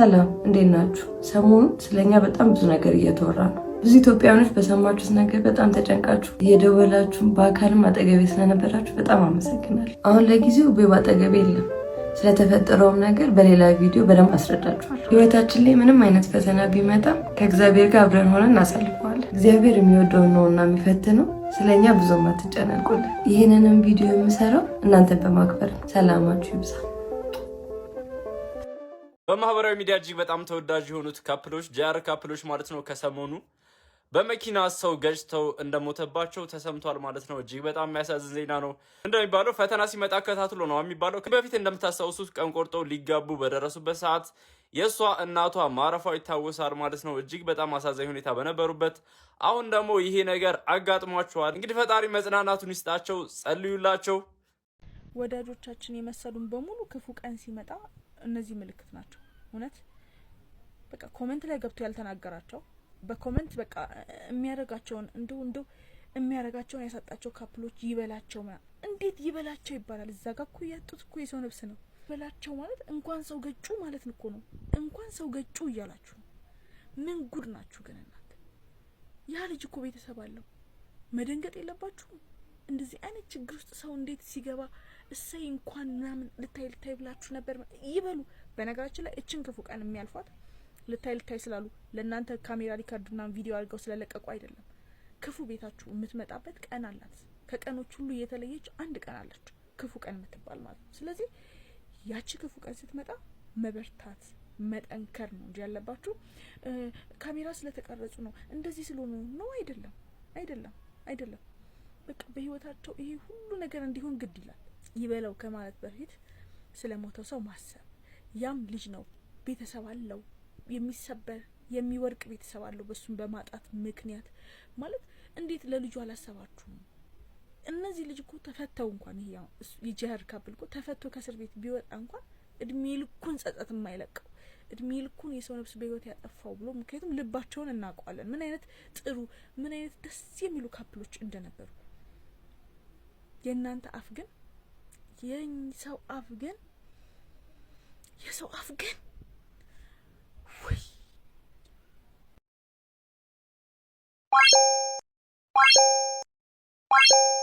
ሰላም እንዴት ናችሁ? ሰሞኑን ስለኛ በጣም ብዙ ነገር እየተወራ ነው። ብዙ ኢትዮጵያውያኖች በሰማችሁት ነገር በጣም ተጨንቃችሁ እየደወላችሁም በአካልም አጠገቤ ስለነበራችሁ በጣም አመሰግናለሁ። አሁን ለጊዜው ቤብ አጠገቤ የለም። ስለተፈጠረውም ነገር በሌላ ቪዲዮ በደንብ አስረዳችኋል። ህይወታችን ላይ ምንም አይነት ፈተና ቢመጣም ከእግዚአብሔር ጋር አብረን ሆነን እናሳልፈዋለን። እግዚአብሔር የሚወደውን ነውና የሚፈትነው። ስለኛ ብዙም አትጨነቁልን። ይህንንም ቪዲዮ የምሰራው እናንተን በማክበር ሰላማችሁ ይብዛ። በማህበራዊ ሚዲያ እጅግ በጣም ተወዳጅ የሆኑት ካፕሎች ጃር ካፕሎች ማለት ነው ከሰሞኑ በመኪና ሰው ገጭተው እንደሞተባቸው ተሰምቷል ማለት ነው። እጅግ በጣም የሚያሳዝን ዜና ነው። እንደሚባለው ፈተና ሲመጣ ከታትሎ ነው የሚባለው። በፊት እንደምታስታውሱት ቀን ቆርጠው ሊጋቡ በደረሱበት ሰዓት የእሷ እናቷ ማረፏ ይታወሳል ማለት ነው። እጅግ በጣም አሳዛኝ ሁኔታ በነበሩበት አሁን ደግሞ ይሄ ነገር አጋጥሟቸዋል። እንግዲህ ፈጣሪ መጽናናቱን ይስጣቸው፣ ጸልዩላቸው። ወዳጆቻችን የመሰሉን በሙሉ ክፉ ቀን ሲመጣ እነዚህ ምልክት ናቸው። እውነት በቃ ኮመንት ላይ ገብቶ ያልተናገራቸው በኮመንት በቃ የሚያደርጋቸውን እንዲሁ እንዲሁ የሚያደርጋቸውን ያሳጣቸው ካፕሎች ይበላቸው እንዴት ይበላቸው ይባላል? እዛ ጋ እኮ ያጡት እኮ የሰው ነብስ ነው። ይበላቸው ማለት እንኳን ሰው ገጩ ማለት እኮ ነው። እንኳን ሰው ገጩ እያላችሁ ነው። ምን ጉድ ናችሁ ግን እናንተ! ያ ልጅ እኮ ቤተሰብ አለው። መደንገጥ የለባችሁም? እንደዚህ አይነት ችግር ውስጥ ሰው እንዴት ሲገባ እሰይ እንኳን ምናምን ልታይ ልታይ ብላችሁ ነበር ይበሉ። በነገራችን ላይ እችን ክፉ ቀን የሚያልፏት ልታይ ልታይ ስላሉ ለእናንተ ካሜራ ምናምን ቪዲዮ አድርገው ስለለቀቁ አይደለም። ክፉ ቤታችሁ የምትመጣበት ቀን አላት። ከቀኖች ሁሉ እየተለየች አንድ ቀን አላችሁ፣ ክፉ ቀን የምትባል ማለት ነው። ስለዚህ ያቺ ክፉ ቀን ስትመጣ መበርታት መጠንከር ነው እንጂ ያለባችሁ ካሜራ ስለተቀረጹ ነው እንደዚህ ስለሆኑ ነው አይደለም፣ አይደለም፣ አይደለም። በቃ በህይወታቸው ይሄ ሁሉ ነገር እንዲሆን ግድ ይላል። ይበለው ከማለት በፊት ስለ ሞተው ሰው ማሰብ ያም ልጅ ነው፣ ቤተሰብ አለው፣ የሚሰበር የሚወርቅ ቤተሰብ አለው። በሱም በማጣት ምክንያት ማለት እንዴት ለልጁ አላሰባችሁም? እነዚህ ልጅ እኮ ተፈተው እንኳን ይሄ የጀህር ካብል እኮ ተፈቶ ከእስር ቤት ቢወጣ እንኳን እድሜ ልኩን ጸጸት የማይለቀው እድሜ ልኩን የሰው ነፍስ በህይወት ያጠፋው ብሎ ምክንያቱም ልባቸውን እናውቀዋለን። ምን አይነት ጥሩ ምን አይነት ደስ የሚሉ ካፕሎች እንደነበሩ የእናንተ አፍ ግን የሰው አፍ ግን የሰው አፍ ግን ወይ Bye.